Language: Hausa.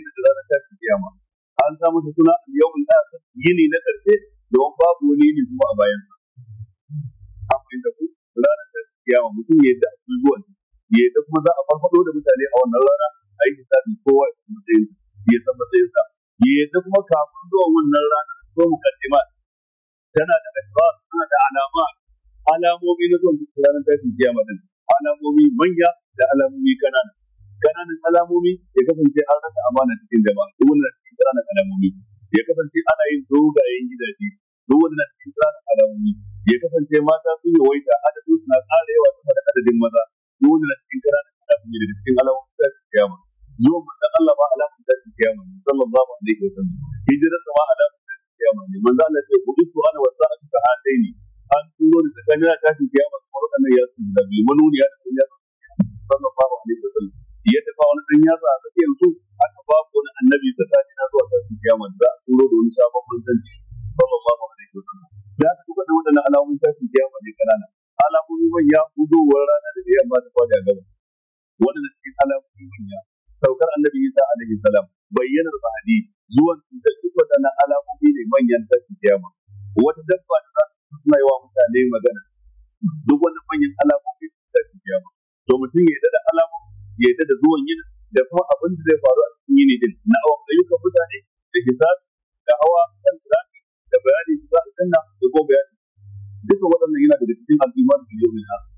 da ranar tashin kiyama an sa masa suna yawon akhir yini na karshe don babu wani yini kuma a bayan sa a da ku ranar tashin kiyama mutum ya yadda akwai zuwa ya yadda kuma za a farfaɗo da mutane a wannan rana a yi hisabi kowa ya san matsayin ya san matsayin sa ya yadda kuma kafin zuwa wannan rana ko mu mukaddima tana da asrar tana da alama alamomi na zuwa ranar tashin kiyama din alamomi manya da alamomi ƙanana. kananan alamomi ya kasance an rasa amana cikin jama'a duk wannan cikin kananan alamomi ya kasance ana yin dogayen gidaje duk wannan cikin kananan alamomi ya kasance mata sun yawaita adadin suna ƙara yawa sama da adadin maza duk wannan cikin kananan alamomi daga cikin alamomin tashin kiyama zuwa manzon Allah ma ba alamomin tashin kiyama sallallahu alaihi wasallam hijirarsa ma alamomin tashin kiyama ne manzon Allah ce budutu ana wasa a cikin hadaini an turo da tsakanin tashin kiyama kamar wannan ya su da bai manuniya da dan yatsa a tsakiyar su aka ba ku na annabi tsakanin na zuwa tashin kiyama da za a turo da wani sabon manzanci sallallahu alaihi wa sallam da aka kuka da alamun alamomin ya kiyama ne kanana alamomin manya hudowar rana da yamma ta fada gaba wadanda cikin alamomin manya saukar annabi Isa alaihi salam bayyanar mahadi zuwan da duk wadannan alamomi ne manyan tashin kiyama wata dabba da za su suna yi mutane magana duk wani manyan alamomi tashin kiyama to mutum ya da alamomi ya da zuwan yin da kuma abin da zai faru a cikin yini din na awon ayyukan mutane da hisab da hawa kan tsaki da bayani da za a sanna da ko bayani duka waɗannan yana daga cikin al'umma da yau